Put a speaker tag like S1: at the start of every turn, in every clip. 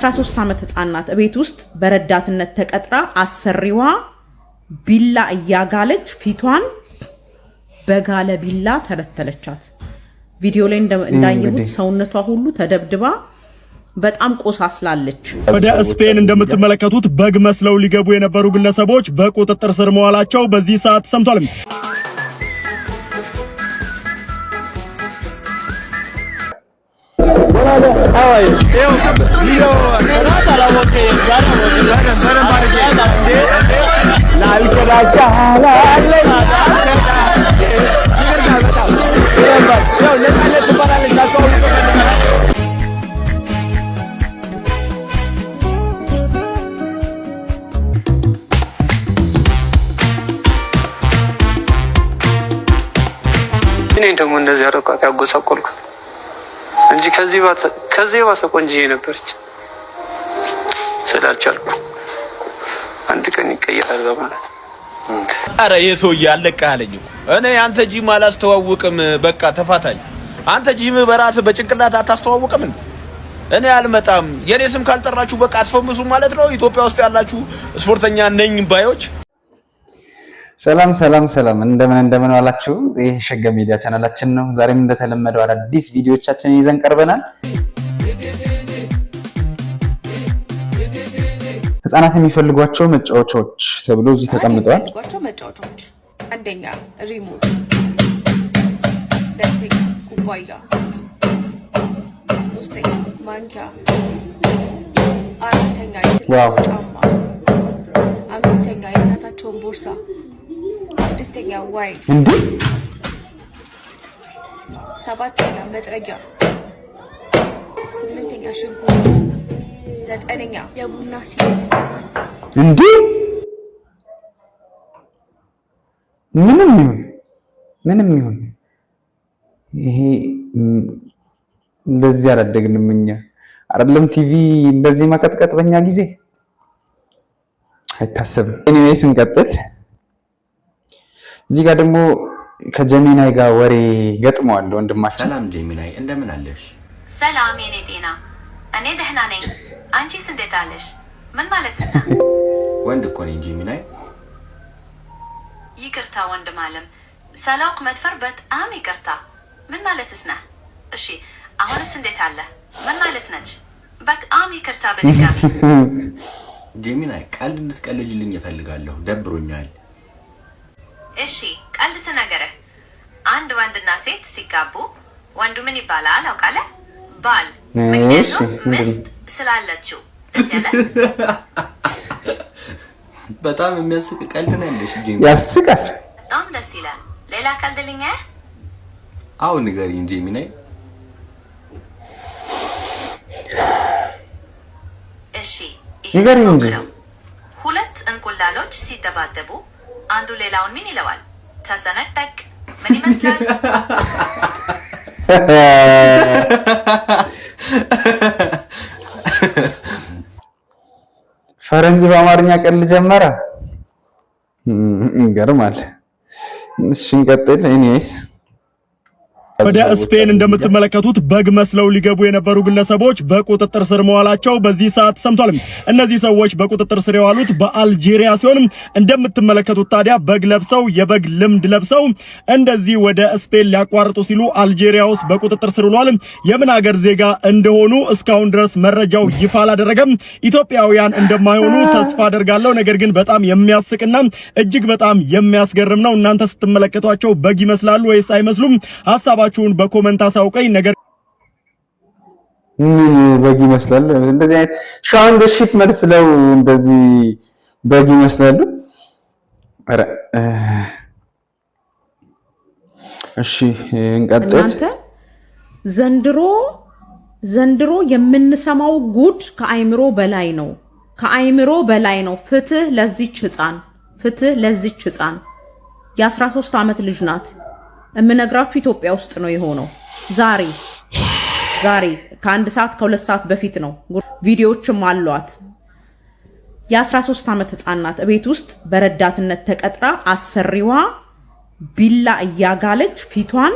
S1: 13 ዓመት ህጻናት ቤት ውስጥ በረዳትነት ተቀጥራ አሰሪዋ ቢላ እያጋለች ፊቷን በጋለ ቢላ ተለተለቻት። ቪዲዮ ላይ እንዳየሁት ሰውነቷ ሁሉ ተደብድባ በጣም ቆሳስላለች።
S2: ወደ ስፔን እንደምትመለከቱት በግ መስለው ሊገቡ የነበሩ ግለሰቦች በቁጥጥር ስር መዋላቸው በዚህ ሰዓት ሰምቷል። እኔ
S3: ደግሞ እንደዚህ አደረኳት ያጎሳቆልኩት። እንጂ ከዚህ ባሰ ቆንጂ ነበረች ስላልቻልኩ አንድ ቀን ይቀየራል በማለት
S4: አረ የሰውዬ አለኝ። እኔ አንተ ጂም አላስተዋውቅም። በቃ ተፋታኝ። አንተ ጂም በራስህ በጭንቅላት አታስተዋውቅም እኔ አልመጣም። የኔ ስም ካልጠራችሁ በቃ አትፈምሱ ማለት ነው። ኢትዮጵያ ውስጥ ያላችሁ ስፖርተኛ ነኝ ባዮች
S5: ሰላም ሰላም ሰላም፣ እንደምን እንደምን ዋላችሁ። ይህ ሸገ ሚዲያ ቻናላችን ነው። ዛሬም እንደተለመደው አዳዲስ ቪዲዮቻችንን ይዘን ቀርበናል። ህጻናት የሚፈልጓቸው መጫወቻዎች ተብሎ እዚህ ተቀምጠዋል።
S1: አንደኛ ሪሞት፣ ሁለተኛ ኩባያ፣ ሶስተኛ ማንኪያ፣ አራተኛ ጫማ፣ አምስተኛ የእናታቸውን ቦርሳ ስድስተኛ ዋይድ፣ እንዴ ሰባተኛ መጥረጊያ፣ ስምንተኛ ሽንኩርት፣ ዘጠነኛ የቡና ሲ
S5: እንዴ ምንም ይሁን ምንም ይሁን ይሄ እንደዚህ አላደግንም እኛ አይደለም። ቲቪ እንደዚህ መቀጥቀጥ በኛ ጊዜ አይታሰብም። ኤኒዌይ ስንቀጥል እዚህ ጋር ደግሞ ከጀሚናይ ጋር ወሬ ገጥመዋል ወንድማችን።
S6: ሰላም ጀሚናይ፣ እንደምን አለሽ?
S7: ሰላም የኔ ጤና፣ እኔ ደህና ነኝ። አንቺስ እንዴት አለሽ? ምን ማለት ስ
S6: ወንድ እኮ ነኝ ጀሚናይ።
S7: ይቅርታ ወንድም አለም፣ ሳላውቅ መድፈር በጣም ይቅርታ። ምን ማለት ነህ? እሺ አሁንስ እንዴት አለ? ምን ማለት ነች? በጣም ይቅርታ በድጋሚ
S6: ጀሚናይ። ቀልድ እንድትቀልጅልኝ እፈልጋለሁ፣ ደብሮኛል
S7: እሺ ቀልድ ስነገርህ፣ አንድ ወንድና ሴት ሲጋቡ ወንዱ ምን ይባላል አውቃለህ? ባል። ምክንያቱም ሚስት ስላለችው
S6: በጣም የሚያስቅ ቀልድ ነው ያለሽ።
S5: ያስቃል።
S7: በጣም ደስ ይላል። ሌላ ቀልድ ልኛ
S6: አው ንገሪ እንጂ ሚናይ።
S7: እሺ ንገሪ እንጂ። ሁለት እንቁላሎች ሲደባደቡ አንዱ ሌላውን ምን ይለዋል? ተሰነጠቅ ምን ይመስላል?
S5: ፈረንጅ በአማርኛ ቀል ጀመረ። ይገርማል። እሺ እንቀጥል። እኔስ
S2: ወደ ስፔን እንደምትመለከቱት በግ መስለው ሊገቡ የነበሩ ግለሰቦች በቁጥጥር ስር መዋላቸው በዚህ ሰዓት ሰምቷል። እነዚህ ሰዎች በቁጥጥር ስር የዋሉት በአልጄሪያ ሲሆን እንደምትመለከቱት ታዲያ በግ ለብሰው የበግ ልምድ ለብሰው እንደዚህ ወደ ስፔን ሊያቋርጡ ሲሉ አልጄሪያ ውስጥ በቁጥጥር ስር ውሏል። የምን ሀገር ዜጋ እንደሆኑ እስካሁን ድረስ መረጃው ይፋ አላደረገም። ኢትዮጵያውያን እንደማይሆኑ ተስፋ አደርጋለሁ። ነገር ግን በጣም የሚያስቅና እጅግ በጣም የሚያስገርም ነው። እናንተ ስትመለከቷቸው በግ ይመስላሉ ወይስ አይመስሉም? ሀሳባ ሀሳባችሁን በኮመንት አሳውቀኝ። ነገር
S5: ምን በግ ይመስላሉ እንደዚህ አይነት ሻውን ሺፕ መስለው እንደዚህ በግ ይመስላሉ። አረ እሺ እንቀጥል።
S1: ዘንድሮ ዘንድሮ የምንሰማው ጉድ ከአይምሮ በላይ ነው፣ ከአይምሮ በላይ ነው። ፍትህ ለዚች ህፃን፣ ፍትህ ለዚች ህፃን። የ13 ዓመት ልጅ ናት። የምነግራችሁ ኢትዮጵያ ውስጥ ነው የሆነው። ዛሬ ዛሬ ከአንድ ሰዓት ከሁለት ሰዓት በፊት ነው። ቪዲዮዎችም አሏት። የ13 ዓመት ህፃናት እቤት ውስጥ በረዳትነት ተቀጥራ አሰሪዋ ቢላ እያጋለች ፊቷን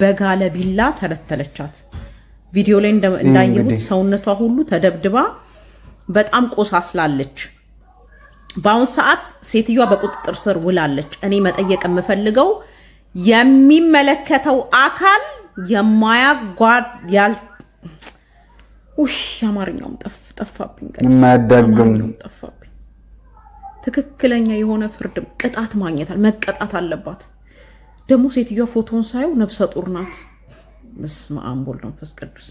S1: በጋለ ቢላ ተለተለቻት ቪዲዮ ላይ እንዳየሁት ሰውነቷ ሁሉ ተደብድባ በጣም ቆሳስላለች። በአሁን ሰዓት ሴትዮዋ በቁጥጥር ስር ውላለች። እኔ መጠየቅ የምፈልገው የሚመለከተው አካል የማያጓድ ያል ውይ አማርኛውም ጠፋብኝ፣
S5: የማያዳግም ጠፋብኝ።
S1: ትክክለኛ የሆነ ፍርድም ቅጣት ማግኘታል መቀጣት አለባት። ደግሞ ሴትዮዋ ፎቶን ሳየው ነብሰ ጡር ናት። ምስመ አብ ወወልድ ቅዱስ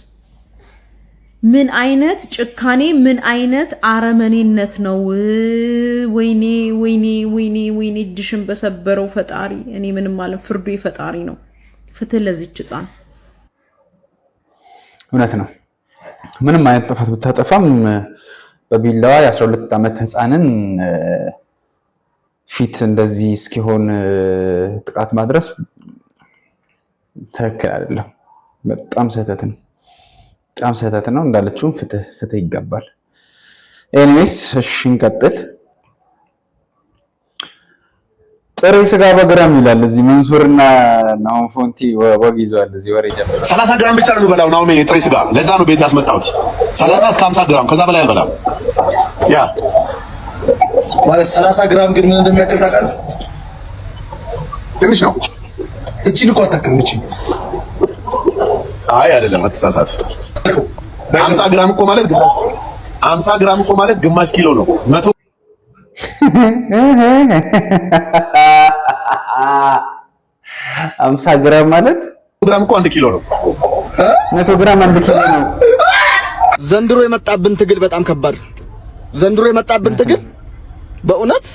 S1: ምን አይነት ጭካኔ ምን አይነት አረመኔነት ነው! ወይኔ ወይኔ ወይኔ ወይኔ! እጅሽን በሰበረው ፈጣሪ። እኔ ምንም አለ ፍርዱ የፈጣሪ ነው። ፍትህ ለዚች ህፃን።
S5: እውነት ነው። ምንም አይነት ጥፋት ብታጠፋም በቢላዋ የ12 ዓመት ህፃንን ፊት እንደዚህ እስኪሆን ጥቃት ማድረስ ትክክል አይደለም። በጣም ስህተት ነው። በጣም ስህተት ነው እንዳለችውም ፍትህ ፍትህ ይገባል። ኤኒዌይስ እሺ እንቀጥል። ጥሬ ስጋ በግራም ይላል እዚህ መንሱርና ናሆም ፎንቲ ወግ ይዘዋል። እዚህ ወሬ ጀምሮ
S4: 30 ግራም ብቻ ነው የሚበላው ናሆም ጥሬ ስጋ። ለዛ ነው ቤት ያስመጣሁት 30 እስከ 50 ግራም ከዛ በላይ አልበላም። ያ ማለት 30 ግራም ግን ምን እንደሚያክል ታውቃለህ? ትንሽ ነው። እቺ ልቆ አታክም። አይ አይደለም፣ አትሳሳት 50 ግራም እኮ ማለት 50 ግራም እኮ ማለት ግማሽ ኪሎ ነው። መቶ
S5: አምሳ ግራም ማለት
S4: ግራም እኮ አንድ ኪሎ ነው።
S5: መቶ ግራም አንድ ኪሎ ነው።
S4: ዘንድሮ የመጣብን ትግል በጣም ከባድ። ዘንድሮ የመጣብን ትግል በእውነት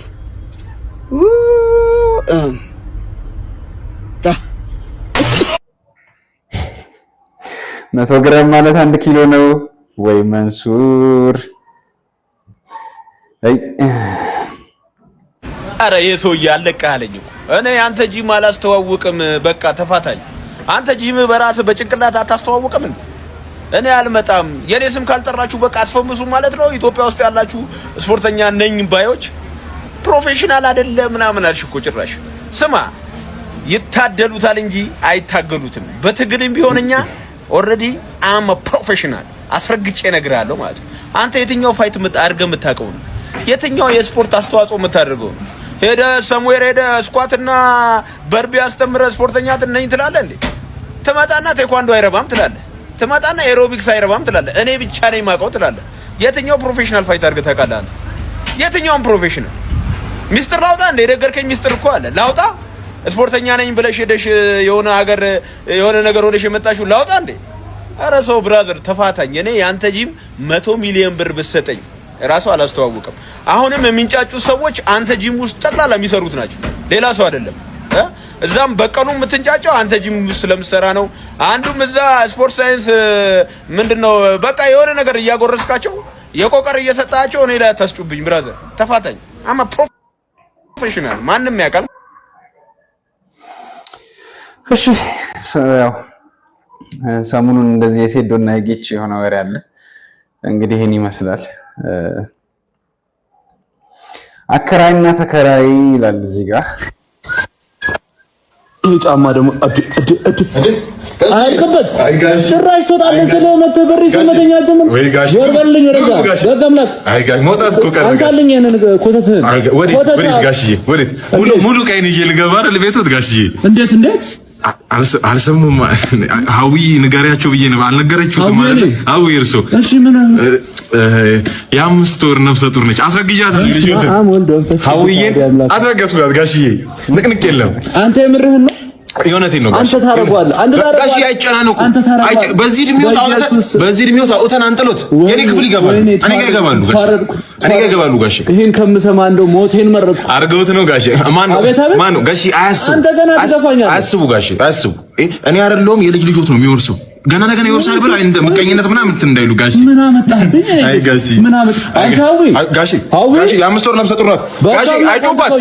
S5: መቶ ግራም ማለት አንድ ኪሎ ነው ወይ መንሱር?
S4: አረ የሰውዬ አለቀሃለኝ አለኝ። እኔ አንተ ጂም አላስተዋውቅም። በቃ ተፋታኝ። አንተ ጂም በራስህ በጭንቅላት አታስተዋውቅም እኔ አልመጣም። የኔ ስም ካልጠራችሁ በቃ አትፈምሱ ማለት ነው። ኢትዮጵያ ውስጥ ያላችሁ ስፖርተኛ ነኝ ባዮች ፕሮፌሽናል አይደለ ምናምን አልሽ እኮ ጭራሽ። ስማ ይታደሉታል እንጂ አይታገሉትም። በትግልም ቢሆን እኛ ኦልሬዲ አም ፕሮፌሽናል አስረግጬ እነግርሃለሁ ማለት ነው። አንተ የትኛው ፋይት አድርገህ የምታውቀው ነው? የትኛው የስፖርት አስተዋጽኦ የምታደርገው ነው? ሄደ ሰሙዌር ሄደ ስኳትና በርቢ አስተምረ ስፖርተኛ ነኝ ትላለህ እንዴ? ትመጣና ቴኳንዶ አይረባም ትላለህ። ትመጣና ኤሮቢክስ አይረባም ትላለህ። እኔ ብቻ ነኝ የማውቀው ትላለህ። የትኛው ፕሮፌሽናል ፋይት አድርገህ ታውቃለህ? የትኛውም ፕሮፌሽናል ሚስጥር ላውጣ እንደ የደገርከኝ ሚስጥር እኮ አለ ላውጣ ስፖርተኛ ነኝ ብለሽ ሄደሽ የሆነ ሀገር የሆነ ነገር ሆነሽ የመጣሽው ላውጣ እንዴ? አረ ሰው ብራዘር ተፋታኝ። እኔ ያንተ ጂም መቶ ሚሊዮን ብር ብሰጠኝ ራሱ አላስተዋወቅም። አሁንም የሚንጫጩ ሰዎች አንተ ጂም ውስጥ ጠቅላላ የሚሰሩት ናቸው፣ ሌላ ሰው አይደለም። እዛም በቀኑ የምትንጫጫው አንተ ጂም ውስጥ ስለምሰራ ነው። አንዱም እዛ ስፖርት ሳይንስ ምንድነው በቃ የሆነ ነገር እያጎረስካቸው የቆቀር እየሰጣቸው እኔ ላይ አታስጩብኝ ብራዘር፣ ተፋታኝ። አማ ፕሮፌሽናል ማንም ያውቃል።
S5: እሺ ያው ሰሞኑን እንደዚህ የሴዶና የጌች የሆነ ወሬ አለ። እንግዲህ ይህን ይመስላል። አከራይና ተከራይ ይላል እዚህ ጋር። ጫማ ደግሞ አልክበት ጭራሽ ትወጣለህ ስለሆነ በሬ ስመተኛ ጀምር ወርበልኝ ወደዛ በጋምላክ መውጣት እኮ ቀረ። አንሳልኝ ይሄንን ኮተትህን
S4: ወዴት? ጋሽዬ ወዴት? ሙሉ ቀይን ይዤ ልገባ አይደል ቤቶት ጋሽዬ እንዴት እንዴት አልሰሙም። ሀዊ ንገሪያቸው ብዬ ነው አልነገረችሁትም ማለት ሀዊ እርሶ የአምስት ወር ነፍሰ ጡር ነች። አስረግዣት ልዩትን ሀዊዬን አስረገዝኩላት። ጋሽዬ ንቅንቅ የለም
S5: አንተ የምርህን
S4: የእውነቴን ነው። አንተ ታረጋለህ። አንተ ታረጋለህ። አይጨናነቁ። በዚህ እድሜው ታውተን በዚህ እድሜው ታውተን አንጥሎት የኔ ክፍል ይገባሉ። እኔ ጋር ይገባሉ። እኔ ጋር ይገባሉ። ጋሽ
S5: ይሄን ከምሰማ እንደው ሞቴን መረጥኩ።
S4: አርገውት ነው ጋሽ። ማን ነው ማን ነው ጋሽ? አያስቡ። አያስቡ ጋሽ፣ አያስቡ። እኔ አይደለሁም የልጅ ልጆት ነው የሚወርሰው ገና ለገና ይወርሳል ብላ እንደ ምቀኝነት ምናምን እንትን እንዳይሉ ጋሽ
S5: ምን አመጣብኝ?
S4: አይ ጋሽ ምን አመጣ? አይ ጋሽ ጋሽ የአምስት ወር ነፍሰ ጡር ናት ጋሽ። አይጮባት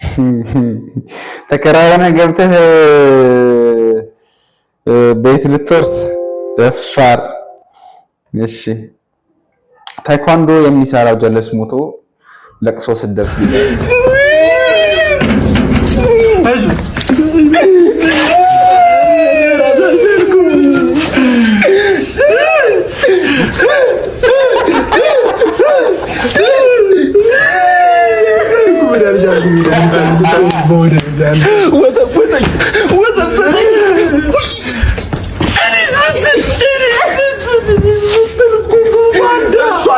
S5: ተከራውነ ገብተህ ቤት ልትወርስ ደፋር። እሺ ታይኳንዶ የሚሰራው ጀለስ ሞቶ ለቅሶ ስደርስ ። ቢለ እሷ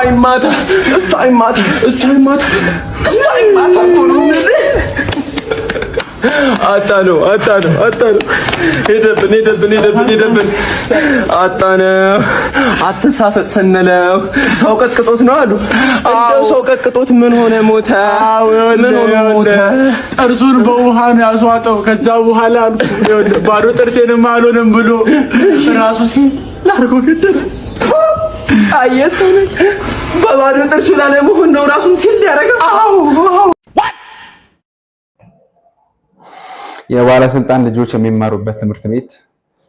S5: አይማታ እሷ አይማታ እሷ አይማታ አጣነው አጣነው አጣነው። ሄደብን ሄደብን ሄደብን ሄደብን አጣነው። አትሳፈጥ ስንለው ሰው ቀጥቅጦት ነው አሉ። እንደው ሰው ቀጥቅጦት ምን ሆነ ሞተ?
S4: ምን ሆነ ሞተ?
S5: ጥርሱን በውሃ ነው ያስዋጠው። ከዛ በኋላ ባዶ ጥርሴንም አልሆንም ብሎ ራሱ ሲል ላርጎ ገደለ። አየሰው በባዶ ጥርሱ ላለመሆን ነው ራሱን ሲል ያደረገው። አዎ የባለስልጣን ልጆች የሚማሩበት ትምህርት ቤት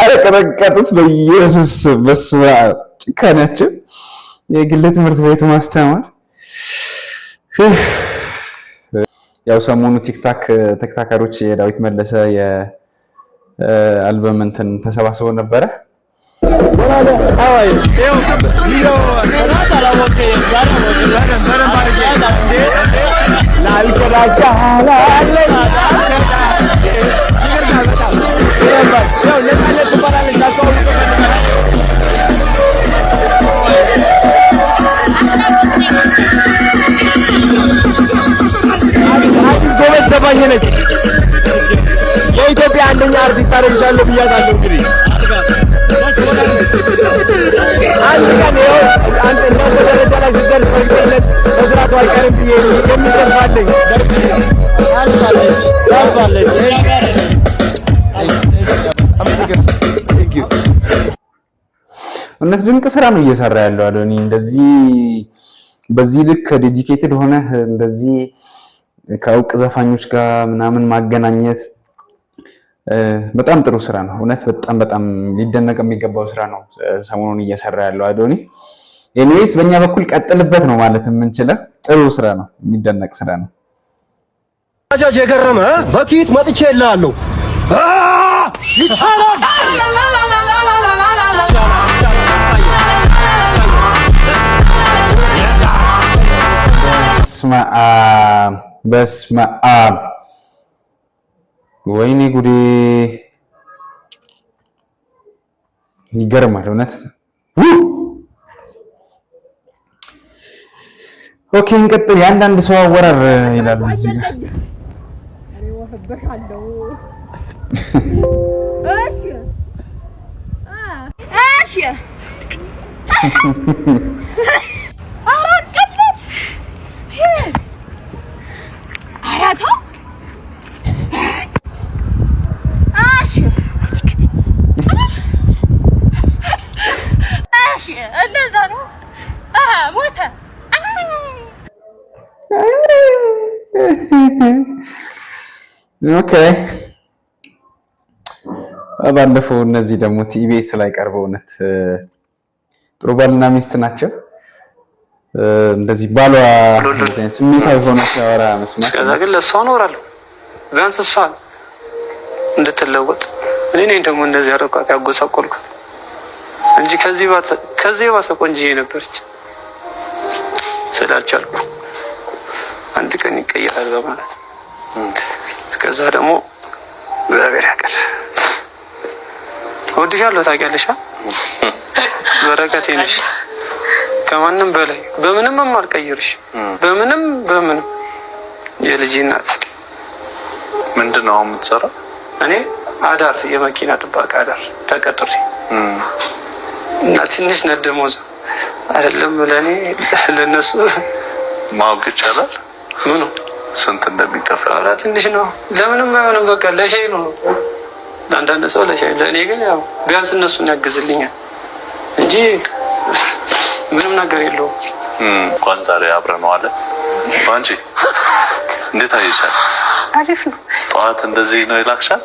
S5: አረ ተረቀጡት በኢየሱስ በስመ ጭካኔያቸው የግል ትምህርት ቤት ማስተማር ያው ሰሞኑ ቲክታክ ተከታካሪዎች የዳዊት መለሰ የአልበም እንትን ተሰባስበው ነበረ ጎበዝ ዘፋኝ ነች። የኢትዮጵያ አንደኛ አርቲስት አደርግሻለሁ ብያታለሁ። እንግዲህ አንድ ቀን ይኸው አንተ ደረጃ ላይ ስትደርስ መውጣቱ አይቀርም ብዬ የሚገፋለኝ እውነት ድንቅ ስራ ነው እየሰራ ያለው አዶኒ። እንደዚህ በዚህ ልክ ዴዲኬትድ ሆነ እንደዚህ ከእውቅ ዘፋኞች ጋር ምናምን ማገናኘት በጣም ጥሩ ስራ ነው እውነት። በጣም በጣም ሊደነቅ የሚገባው ስራ ነው ሰሞኑን እየሰራ ያለው አዶኒ። ኤኒዌይስ በእኛ በኩል ቀጥልበት ነው ማለት የምንችለው። ጥሩ ስራ ነው፣ የሚደነቅ ስራ ነው።
S4: አጃጅ የገረመ በኪት መጥቼ እልሃለሁ ይቻላል
S5: በስመ አብ ወይኔ ጉዴ! ይገርማል እውነት ኦኬ እንቀጥል። የአንዳንድ ሰው አወራር ይላል እዚህ ጋር ኦኬ ባለፈው እነዚህ ደግሞ ኢቢኤስ ላይ ቀርበው እውነት ጥሩ ባልና ሚስት ናቸው። እንደዚህ ባሏ ስሜታዊ ሆኖ ሲያወራ
S3: መስማት፣ ከዛ ግን ለእሷ እኖራለሁ ቢያንስ እሷ እንድትለወጥ እኔ ነኝ ደግሞ እንደዚህ አደረኳት ያጎሳቆልኳት እንጂ ከዚህ ባሰ ቆንጅዬ ነበረች ስላልቻልኩ አንድ ቀን ይቀየራል በማለት ከዛ ደግሞ እግዚአብሔር ያውቃል። እወድሻለሁ፣ ታውቂያለሽ። በረከቴ ነሽ ከማንም በላይ በምንም የማልቀይርሽ በምንም በምንም የልጅ እናት።
S6: ምንድን ነው የምትሰራው?
S3: እኔ አዳር የመኪና ጥበቃ አዳር ተቀጥሪ እና ትንሽ ነት ደሞዝ አይደለም ለእኔ ለእነሱ
S6: ማወቅ ይቻላል ምኑ ስንት እንደሚጠፋ
S3: ኧረ ትንሽ ነው። ለምንም አይሆንም። በቃ ለሻይ ነው ለአንዳንድ ሰው ለሻይ፣ ለእኔ ግን ያው ቢያንስ እነሱን ያግዝልኛል እንጂ ምንም ነገር የለውም።
S6: እንኳን ዛሬ አብረን ነው አለ አንቺ እንዴት አይሻል? አሪፍ ነው። ጠዋት እንደዚህ ነው ይላክሻል?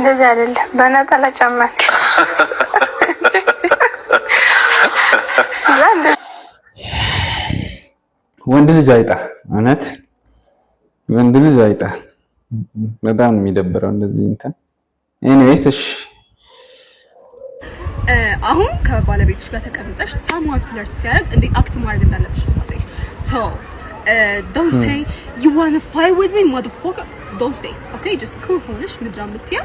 S7: እንደዚህ አይደለም፣ በነጠላ ጫማ
S5: ወንድ ልጅ አይጣ እውነት ወንድ ልጅ አይጣ። በጣም ነው የሚደብረው እንደዚህ እንትን። ኤኒዌይስ እሺ፣
S8: አሁን ከባለቤቶች ጋር ተቀምጠሽ ሳምዋን ፍለርት ሲያደርግ እንዴት አክት ማድረግ እንዳለብሽ ነው ሶ ዶንት ሴይ ዩ ዋን ቱ ፋይት ዊዝ ሚ ማዘርፎከር ዶንት ሴይ ኦኬ። ጀስት ኩል ሆነሽ ምድራ ምትያ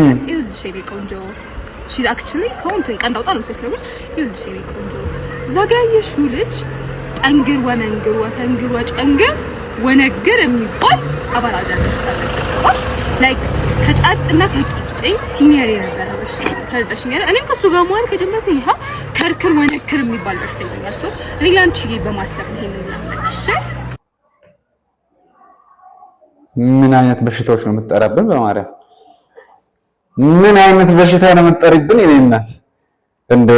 S8: ይኸውልሽ የእኔ ቆንጆ ሺ አክቹሊ ከሆንትን ቀንዳውጣ ነው ስለሆነ ይኸውልሽ የእኔ ቆንጆ ዘጋየሽው ልጅ ጠንግር ወመንግር ወፈንግር ወጨንግር ወነግር የሚባል አባላዳ በሽታ ተጠቅቆሽ ላይክ ከጫጥና ከቂጥኝ ሲኒየር የነበረ በሽታ እኔም ከሱ ጋር መዋል ከጀመርኩ ይሄ ከርክር ወነክር የሚባል በሽተኛል። ሰው እኔ ላንቺ በማሰብ ይሄን እናመሽ
S5: ምን አይነት በሽታዎች ነው የምትጠራብን? በማርያም ምን አይነት በሽታ ነው የምትጠሪብን? እኔ እናት እንዴ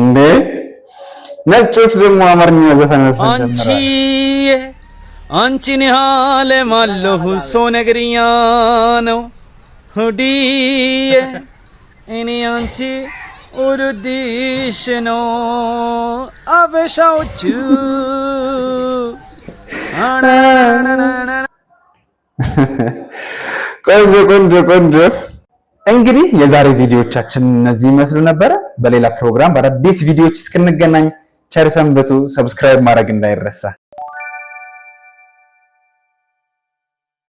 S5: እንዴ ነጮች ደግሞ አማርኛ ዘፈን መስፈን
S9: ጀመረ። አንቺ አንቺን ያለ ማለሁ ሶ ነገርኛ ነው ሁዲዬ እኔ አንቺ ውድድሽ ነው አበሻዎቹ
S5: ቆንጆ ቆንጆ ቆንጆ። እንግዲህ የዛሬ ቪዲዮዎቻችን እነዚህ ይመስሉ ነበረ። በሌላ ፕሮግራም በአዳዲስ ቪዲዮዎች እስክንገናኝ ቸር ሰንበቱ። ሰብስክራይብ ማድረግ እንዳይረሳ።